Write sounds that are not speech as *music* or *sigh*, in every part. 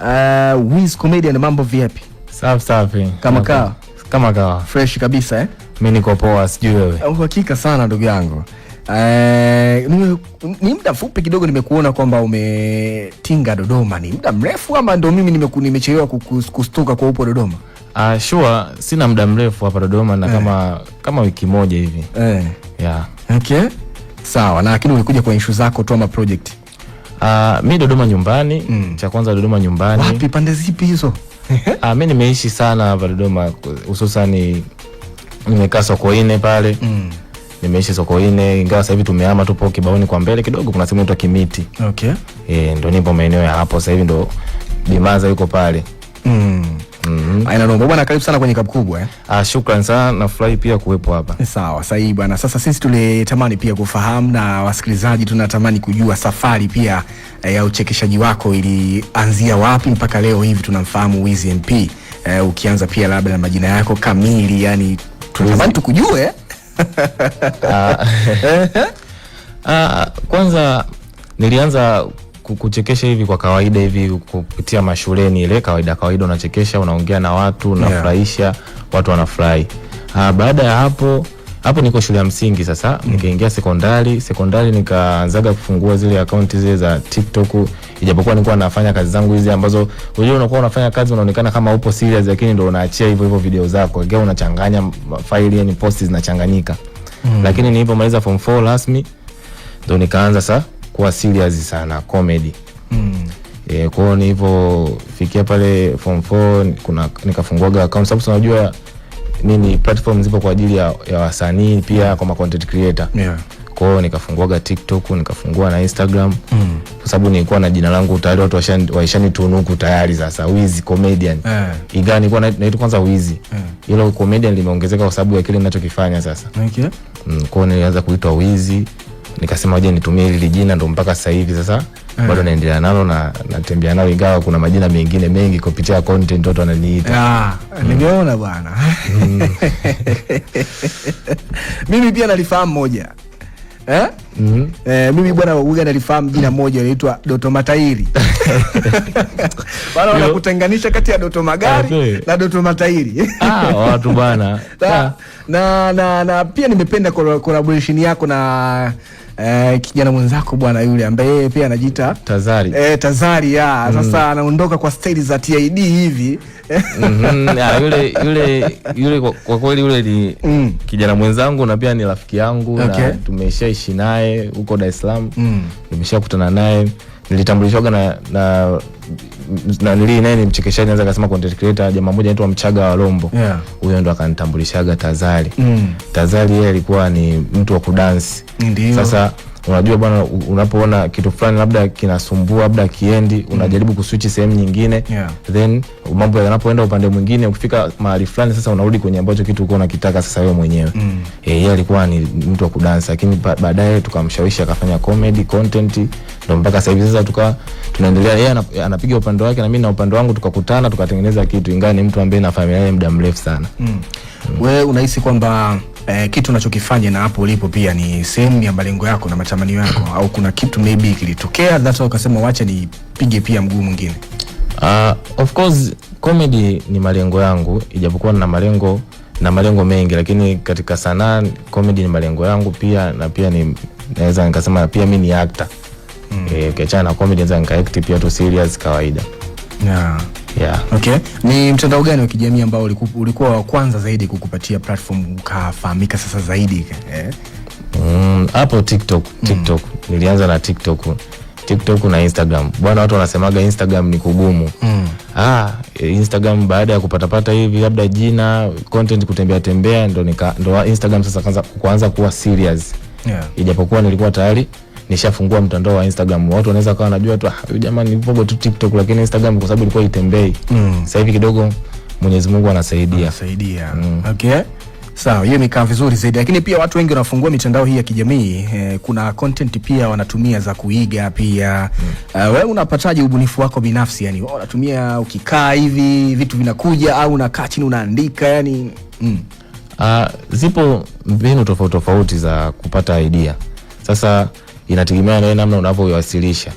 uh, Wiz Comedian, mambo vipi? Safi safi, kama kawa kama kawa, fresh kabisa eh? Mimi niko poa, sijui wewe. Uhakika sana ndugu yangu. Uh, ni muda mfupi kidogo nimekuona kwamba umetinga Dodoma. Ni muda mrefu ama ndo mimi nimechelewa kustuka kwa upo Dodoma? Uh, sure, sina muda mrefu hapa Dodoma na eh, kama kama wiki moja hivi eh. Yeah. Okay. Sawa, na lakini umekuja kwa issue zako tu ama project Uh, mi Dodoma nyumbani mm. Cha kwanza Dodoma nyumbani. Wapi pande zipi hizo? Uh, *laughs* mi nimeishi sana hapa Dodoma, hususani nimekaa Sokoine pale mm. Nimeishi Sokoine, ingawa sasa hivi tumehama, tupo Kibaoni kwa mbele kidogo, kuna sehemu inaitwa Kimiti. Okay. Eh, ndo nipo maeneo ya hapo sasa hivi, ndo Bimaza yuko pale mm. Mm -hmm. bwana, karibu sana kwenye kapu kubwa eh. Ah, shukran sana, furahi pia kuwepo hapa. Eh, sawa, sahihi bwana. Sasa sisi tulitamani pia kufahamu na wasikilizaji tunatamani kujua safari pia eh, ya uchekeshaji wako ilianzia wapi mpaka leo hivi tunamfahamu Wizzy MP. Eh, ukianza pia labda na majina yako kamili, yani tunatamani tukujue. Ah. *laughs* Eh, eh. ah, kwanza nilianza kuchekesha hivi kwa kawaida hivi kupitia mashuleni ile kawaida kawaida, unachekesha, unaongea na watu, unafurahisha yeah. Watu wanafurahi. Ah, baada ya hapo hapo niko shule ya msingi sasa, mm. nikaingia sekondari. Sekondari nikaanzaga kufungua zile akaunti zile za TikTok, ijapokuwa nilikuwa nafanya kazi zangu hizi ambazo unajua unakuwa unafanya kazi unaonekana kama upo serious, lakini ndio unaachia hivyo hivyo video zako, ingawa unachanganya faili yani posts zinachanganyika. Mm. Lakini nilipomaliza form 4 rasmi ndio nikaanza sasa kuwa serious sana comedy mm. E, kwa hiyo nilivyofikia pale form 4 kuna nikafunguaga account sababu unajua nini platform zipo kwa ajili ya, ya wasanii pia mm. kama content creator yeah. Kwa hiyo nikafunguaga TikTok, nikafungua na Instagram mm. kwa sababu nilikuwa na jina langu tayari watu waishanitunuku tayari sasa Wizi comedian yeah. Igani nilikuwa naitwa kwanza Wizi yeah. Ilo comedian limeongezeka kwa sababu ya kile ninachokifanya sasa okay. Mm, kwa hiyo nilianza kuitwa Wizi nikasema waje nitumie hili jina, ndo mpaka sasa hivi sasa yeah. bado naendelea nalo na natembea nalo, ingawa kuna majina mengine mengi kupitia content watu wananiita yeah. mm. nimeona bwana mm. *laughs* mimi pia nalifahamu moja Eh? Mm -hmm. Eh, mimi bwana uga nalifahamu jina moja linaitwa Doto Matairi. *laughs* Bwana wanakutenganisha kati ya Doto Magari na Doto Matairi. Ah, watu bwana. *laughs* Na, ah. na, na, na pia nimependa collaboration yako na eh, kijana mwenzako bwana yule ambaye yeye pia anajiita Tazari, eh, Tazari ya mm. Sasa anaondoka kwa staili za TID hivi mm -hmm, ah, ya, yule yule yule kwa, kweli yule ni mm. kijana mwenzangu na pia ni rafiki yangu okay. na tumeshaishi naye huko Dar es Salaam mm. nimeshakutana naye nilitambulishwaga na na na nili nani mchekeshaji anaweza kusema content creator jamaa mmoja anaitwa Mchaga wa Rombo. Yeah. Huyo ndo akanitambulishaga Tazali. Mm. Tazali yeye alikuwa ni mtu wa kudansi. Ndiyo. Sasa Unajua bwana, unapoona kitu fulani labda kinasumbua, labda kiendi, mm. unajaribu mm. kuswitch sehemu nyingine yeah. Then mambo yanapoenda upande mwingine, ukifika mahali fulani, sasa unarudi kwenye ambacho kitu uko unakitaka sasa wewe mwenyewe mm. Eh, yeye alikuwa ni mtu wa kudansa, lakini baadaye tukamshawishi akafanya comedy content, ndio mpaka sasa hivi sasa tuka tunaendelea, yeye anapiga upande wake na mimi na upande wangu, tukakutana tukatengeneza kitu, ingawa ni mtu ambaye na familia yake muda mrefu sana mm. mm. Wewe unahisi kwamba eh, kitu unachokifanya na hapo ulipo pia ni sehemu ya malengo yako na matamanio yako, au kuna kitu maybe kilitokea that's why ukasema wacha nipige pia mguu mwingine? Uh, of course comedy ni malengo yangu, ijapokuwa na malengo na malengo mengi, lakini katika sanaa comedy ni malengo yangu pia, na pia ni naweza nikasema pia mimi ni actor mm. E, ukiachana na comedy naweza nikaacti pia tu serious kawaida yeah. Yeah. Okay. Ni mtandao gani wa kijamii ambao ulikuwa wa kwanza zaidi kukupatia platform ukafahamika sasa zaidi hapo? Eh? Mm, TikTok, Mm. Nilianza na TikTok. TikTok na Instagram. Bwana, watu wanasemaga Instagram ni kugumu. Mm. Ah, Instagram baada ya kupatapata hivi labda jina, content kutembea tembea ndo nika ndo Instagram sasa kuanza kuwa serious. Yeah. Ijapokuwa nilikuwa tayari nishafungua mtandao wa Instagram. Watu wanaweza kawa wanajua tu ah, huyu jamaa ni mpogo tu TikTok, lakini Instagram kwa sababu ilikuwa itembei mm. Sasa hivi kidogo Mwenyezi Mungu anasaidia anasaidia. Mm. Okay. Sawa, hiyo imekaa vizuri zaidi, lakini pia watu wengi wanafungua mitandao hii ya kijamii eh, kuna content pia wanatumia za kuiga pia mm. Uh, wewe unapataje ubunifu wako binafsi yani? Wewe unatumia ukikaa hivi vitu vinakuja au unakaa chini unaandika yani? mm. Uh, zipo mbinu tofauti tofauti za kupata idea sasa inategemea na namna unavyoiwasilisha.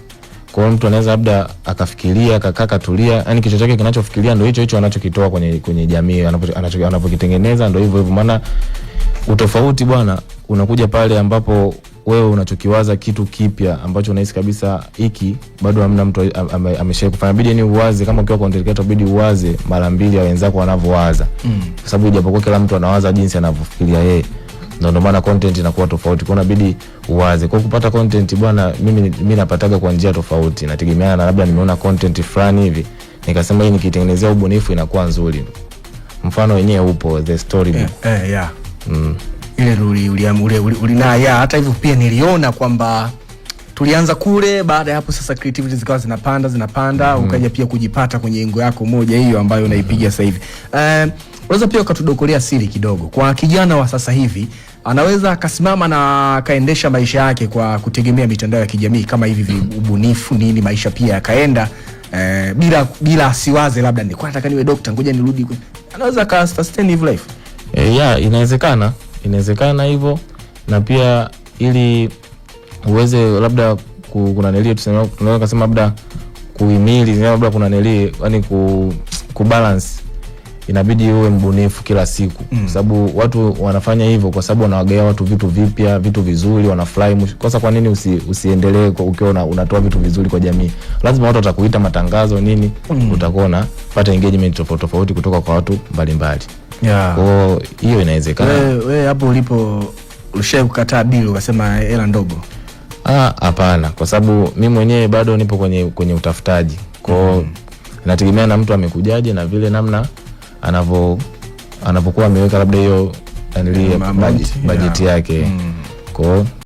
Kwa hiyo mtu anaweza labda akafikiria akakaa katulia, yani kichwa chake kinachofikiria ndio hicho hicho anachokitoa kwenye kwenye jamii anapokitengeneza, ndio hivyo hivyo. Maana utofauti bwana unakuja pale ambapo wewe unachokiwaza kitu kipya ambacho unahisi kabisa hiki bado hamna mtu ameshawahi kufanya. Bidi ni uwaze, kama ukiwa content creator, bidi uwaze mara mbili ya wenzako wanavyowaza, mm. kwa sababu ijapokuwa kila mtu anawaza jinsi anavyofikiria yeye na ndio maana content inakuwa tofauti, kwa inabidi uwaze kwa kupata content bwana. Mimi mimi napataga kwa njia tofauti, nategemeana na labda nimeona content fulani hivi nikasema hii nikitengenezea ubunifu inakuwa nzuri. Mfano wenyewe upo the story book eh, eh, yeah mm. ile uli uli uli, na ya hata hivyo pia niliona kwamba tulianza kule, baada ya hapo sasa creativity zikawa zinapanda zinapanda, mm. ukaja pia kujipata kwenye ingo yako moja hiyo ambayo unaipiga mm -hmm. sasa hivi um, unaweza pia ukatudokolea siri kidogo kwa kijana wa sasa hivi anaweza akasimama na akaendesha maisha yake kwa kutegemea mitandao ya kijamii kama hivi ubunifu nini, maisha pia yakaenda eh, bila bila asiwaze labda ni nataka niwe dokta, ngoja nirudi. Anaweza ka sustain his life eh, yeah, inawezekana inawezekana hivyo, na pia ili uweze labda kuna nelie tunaweza kusema labda kuhimili labda kuna nelie yani ku, balance inabidi uwe mbunifu kila siku mm. kwa sababu watu wanafanya hivyo kwa sababu wanawagaia watu vitu vipya, vitu vizuri, wanafurahi. Kosa kwa nini usi, usiendelee ukiwa una, unatoa vitu vizuri kwa jamii? Lazima watu watakuita matangazo nini mm. utakuwa pata engagement tofauti tofauti kutoka kwa watu mbalimbali yeah. hiyo inawezekana. Wewe hapo ulipo ulishawahi kukataa bili ukasema hela ndogo? Ah, hapana, kwa sababu mi mwenyewe bado nipo kwenye, kwenye utafutaji kwao mm. inategemea na mtu amekujaje na vile namna anavyo anapokuwa ameweka labda hiyo bajeti yake mm. kwao